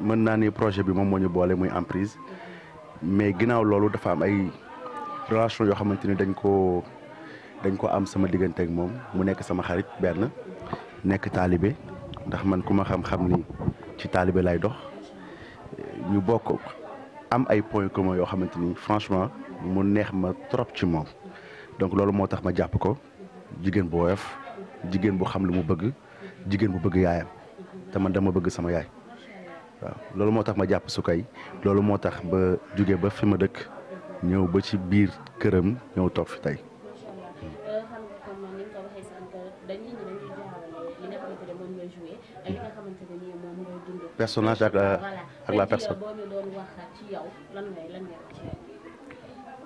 mën naa ni projet bi moom moo ñu boole muy emprise mais ginnaaw loolu dafa am ay relation yoo xamante ni dañ koo dañ koo am sama diggante ak moom mu nekk sama xarit benn nekk taalibe ndax man ku ma xam-xam ni ci taalibe lay dox ñu bokk am ay points communs yoo xamante ni franchement mu neex ma trop ci moom donc loolu moo tax ma jàpp ko jigéen bu woyof jigéen bu xam lu mu bëgg jigéen bu bëgg yaayam te man dama bëgg sama yaay waaw loolu moo tax ma jàpp Sukay loolu moo tax ba jóge ba fi ma dëkk ñëw ba ci biir këram ñëw toog fi tey. personnage ak ak la personne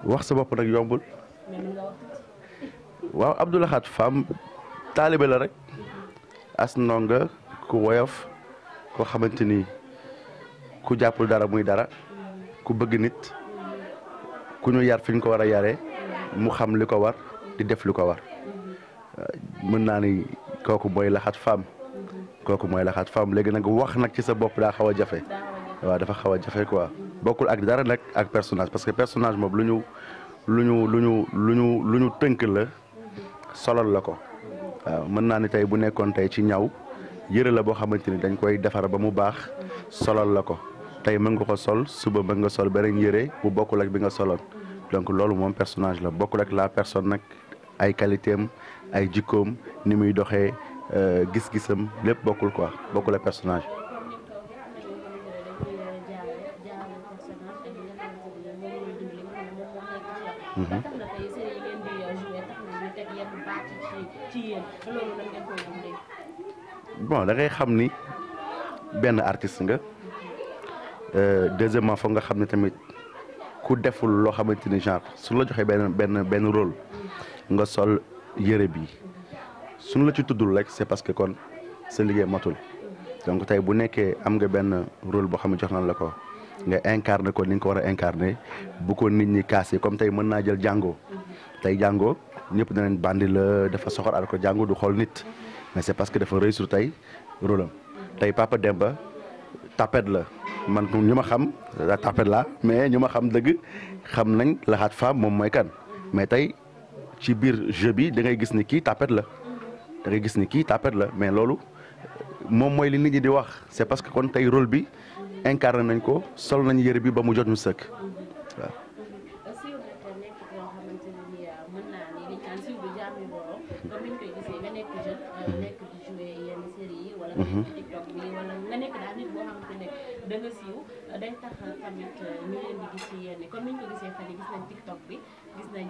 wax sa bopp nag yombul waaw Abdou Lahad Fam taalibe la rek as ndonga ku woyof koo xamante ku jàppul dara muy dara ku bëgg nit ku ñu yar fi ñu ko war a yare mu xam li ko war di def li ko war euh, mën naa ni kooku mooy laxaat femme kooku mooy laxaat femme léegi nag wax nag ci sa bopp daa xaw a jafe waaw dafa xaw a jafe ko bokkul ak dara nag ak personnage parce que personage moom lu ñu lu ñu lu ñu lu ñu lu ñu tënk la solal la ko waaw mën naa ni tey bu nekkoon tey ci ñaw yëre la boo xamante ni dañ koy defar ba mu baax solal la ko tay ko sol suba nga sol beneen donc c'est personnage la bokkul ak la personne nag ay qualité am ay jikkoom ni euh, gis-gisam lépp bokkul quoi bokkul personnage mhm. bon da ngay artiste Euh, deuxièmement foog nga xam ne tamit ku deful loo xamante ni genre suñu la joxee benn benn benn rôle nga sol yére bi suñu la ci tuddul rek c'est parce que kon sa liggéey matul donc tey bu nekkee am nga benn rôle boo xam ne jox nañ la ko nga incarné ko ni nga ko war a incarné bu ko nit ñi kaas yi comme tey mën naa jël jàngoo tey jàngoo ñëpp danañ bandi la dafa soxor al ko jàngoo du xool nit mais c'est parce que dafa réussir tey rôle am tey Papa Demba tapet la man ko ñuma xam tapet la mais ñuma xam deug xam nañ Lahat Fam mom moy kan mais tay ci bir je bi da ngay gis ni ki tapet la da ngay gis ni ki tapet la mais lolu mom moy li nit ñi di wax c'est parce que kon tay rôle bi incarner nañ ko sol nañ yere bi ba mu jot ñu da nga siiw day tax tamit ñu leen di gis ci yenn comme ni ñu ko gisee fan gis nañ tiktok bi gis nañ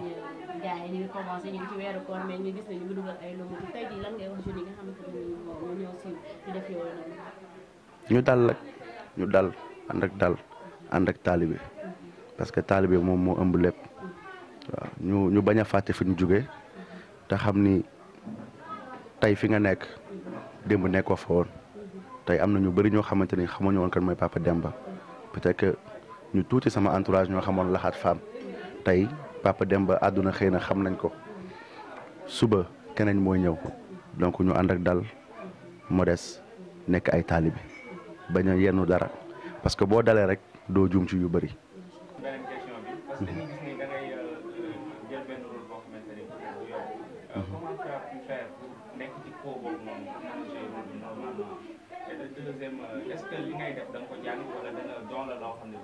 gars yi ñu ngi commencé ñu ngi ci weeru koor mais ñu gis nañ mu dugal ay lomu tey jii lan ngay wax jeune yi nga xamante ne ñoo ñoo siiw di def yooyu noonu ñu dal rek ñu dal ànd ak dal ànd ak taalibe parce que taalibe moom moo ëmb lépp waaw ñu ñu bañ a fàtte fi ñu jógee te fi nga nekk démb nekkoo fa woon tey am na ñu bëri ñoo xamante ni xamuñu woon kan mooy Papa Demba peut-être que ñu tuuti sama entourage ñoo xamoon Laxaat Fam tey Papa ba àdduna xëy na xam nañ ko suba keneen mooy ñëw donc ñu ànd ak dal modeste nekk ay taalibe bañ a yennu dara parce que boo dalee rek doo juum ci yu bëri.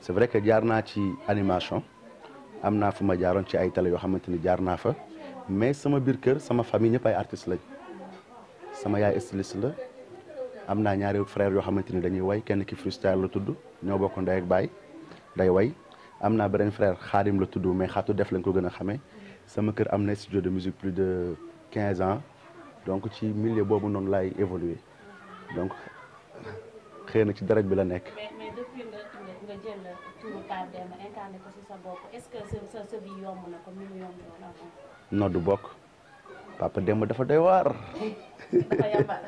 c'est vrai que j'ai ci animation amna fuma fu ci ay télé yo xamanteni fa mais sama bir kër sama famille ay artistes sama yaay la frère yo xamanteni dañuy way kenn freestyle la ñoo bokk ak way frère mais def lañ ko sama studio de musique plus de 15 ans donc ci milieu évoluer donc xéena ci la nga du bokk Pape demb dafa doy waar. dafa yambar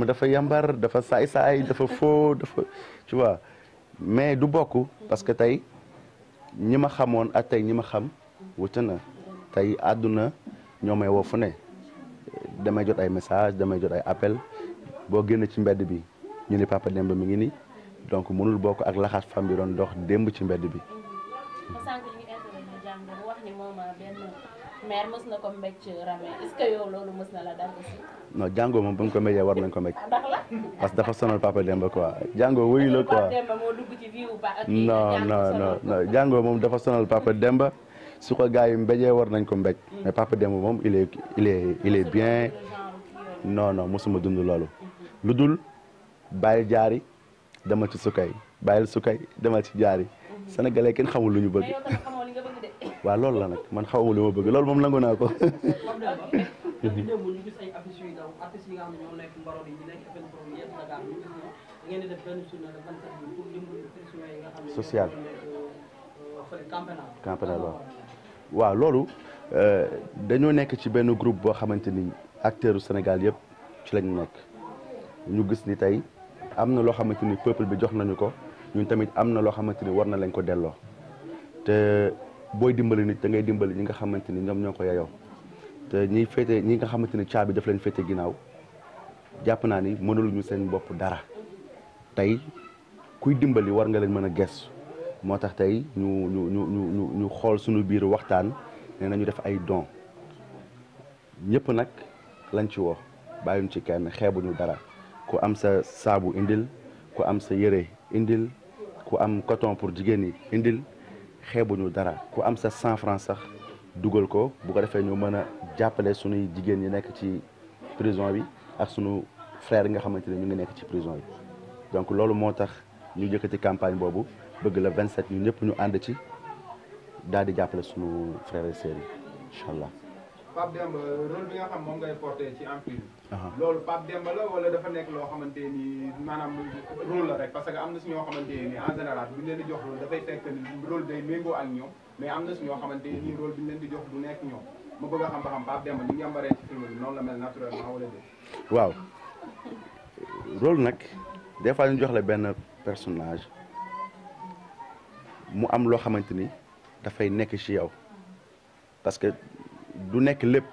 dafa yambar dafa saay-saay dafa faux dafa tu vois mais du bokk. parce que tey ñi ma xamoon ak tey ñi ma xam wute na tey àdduna ñoo may woo fu ne damay jot ay message damay jot ay appel boo génn ci mbedd bi ñu ni Pape Demba mi ngi nii. donc mënul bokk ak laxaas fam bi doon dox démb ci mbedd bi. sànq ñu moom benn maire ko mbécc war nañ ko mbéj. parce que dafa sonal papa Demba quoi jàngoo wuyu la jàngoo moom dafa sonal papa Demba su ko gars yi war nañ ko mbéj. Mm. mais papa Demba moom il est il bien non non mosuma dund loolu. lu dul bàyyi jaari. demal ci sukay bàyyil sukay demal ci jaari sénégalais kenn xamul lu ñu bëgg waa loolu la nag man xamuma lu ma bëgg loolu moom nangu naa ko social euh, euh, campénal waaw loolu euh, dañoo nekk ci benn group boo xamante ni acteurs senegal yëpp ci lañu nekk ñu gis ni tey am na loo xamante ni peuple bi jox nañu ko ñun tamit am na loo xamante ni war na lañ ko delloo te booy dimbali nit da ngay dimbali ñi nga xamante ni ñoom ñoo ko yeyoo te ñiy féete ñi nga xamante ni caabi daf leen féete ginnaaw jàpp naa ni mënaluñu seen bopp dara tey kuy dimbali war nga leen mën a gëstu moo tax tey ñu ñu ñu ñu ñu xool suñu biir waxtaan nee nañu def ay don ñëpp nag lañ ci woo bàyyuñ ci kenn xeebuñu dara ku am sa saabu indil ku am sa yére indil ku am coton pour jigéen ñi indil ñu dara ku am sa cent franc sax dugal ko bu ko defee ñu mën a jàppale suñuy jigéen ñu nekk ci prison bi ak suñu frère yi nga xamante ne ñu ngi nekk ci prison bi donc loolu moo tax ñu jëkkati campagne boobu bëgg la vingt 27 ñu ñëpp ñu ànd ci daal di jàppale suñu frère et sœurs yi allah. Uh-huh. loolu Pape Demba la wala dafa nekk loo xamante ni maanaam rôle la rek parce que am na suñoo xamante ni en général bu leen di jox rôle dafay fekk ni rôle day méngoo mais am na xamante ni rôle bi leen di jox du nekk ñoom ma bëgg a ba xam Pape Demba ni yambaree ci film bi la mel naturellement wala déet. waaw rôle nag des fois jox la benn personnage mu am loo xamante ni dafay nekk ci yow parce que du nekk lépp.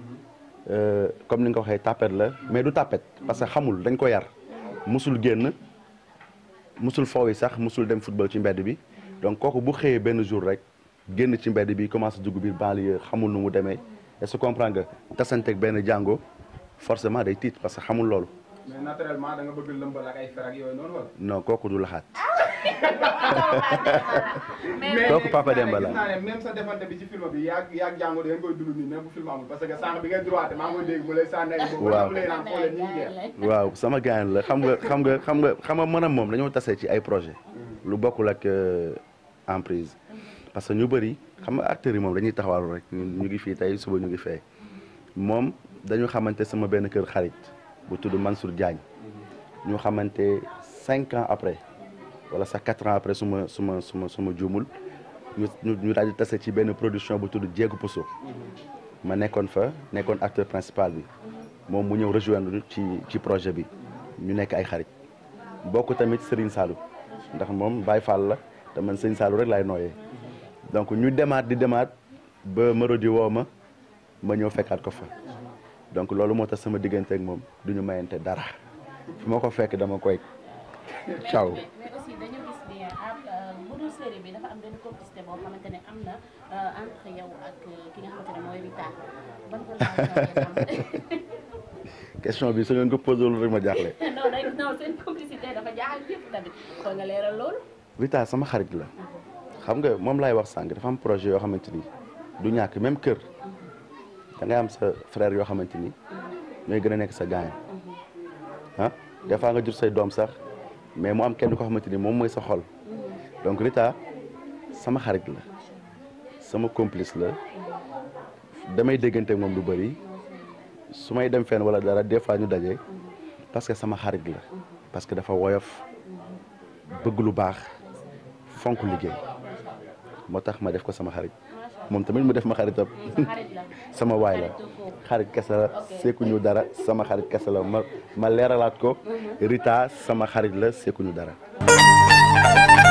Euh, comme ni nga ko waxee tapet la mais du tapet parce que xamul dañ ko yar musul génn musul foowi sax musul dem football ci mbedd bi donc kooku bu xëyee benn jour rek génn ci mbedd bi commencé dugg biir banlieue xamul nu mu demee est-ce que comprend nga tasanteeg benn jàngo forcement day tiit parce que xamul loolu. mais kooku du laxaat. mais kooku Papa Demba la même sa defante bi ci film bi yaa yaa jàngo da bu film amul parce que sànq bi ngay droité maa waaw sama gaañ la xam nga xam nga xam nga xam nga mën a moom dañoo tase ci ay projet mm. lu bokkul ak euh, emprise parce que ñu bëri xam nga acteurs yi moom dañuy taxawal rek ñu ngi fii tey suba ñu ngi fee moom dañu xamante sama benn kër xarit bu tudd Mansour Diagne mm-hmm. ñu xamante cinq ans après wala sax 4 ans après suma suma suma suma djumul ñu ñu dal di tassé ci benn production bu tuddu djégu Pousso ma nekkoon fa nekkoon acteur principal bi mom mu ñew rejoindre ci ci projet bi ñu nekk ay xarit bokku tamit Serigne Sallou ndax mom Baye Fall la te man Serigne Sallou rek lay noyé donc ñu démat di démat ba Marodi woo ma ma ñëw ko fa donc lolu mo tax sama digënté ak mom duñu mayenté dara fuma ko fekk dama koy ciao Euh, euh, question bi su ngeen ko posé loolu rek ma jaaxle. non sama xarit la. xam nga moom laay wax sànq dafa am projet yoo xamante ni du ñàkk même kër. da nga am sa frère yoo xamante ni. ñooy gën a nekk sa gaañ. Mhm. ah des fois nga jur say doom sax mais mu am kenn koo xamante ni moom mooy sa xol. donc Rita sama xarit la sama complice la damay déggante moom lu bëri su may dem fenn wala dara des fois ñu daje parce que sama xarit la parce que dafa woyof bëgg lu baax fonk liggéey moo tax ma def ko sama xarit moom tamit mu def ma xaritam sama waay la xarit kese la seekuñu dara sama xarit kese la ma ma leeralaat ko mhm. Rita sama xarit la seekuñu dara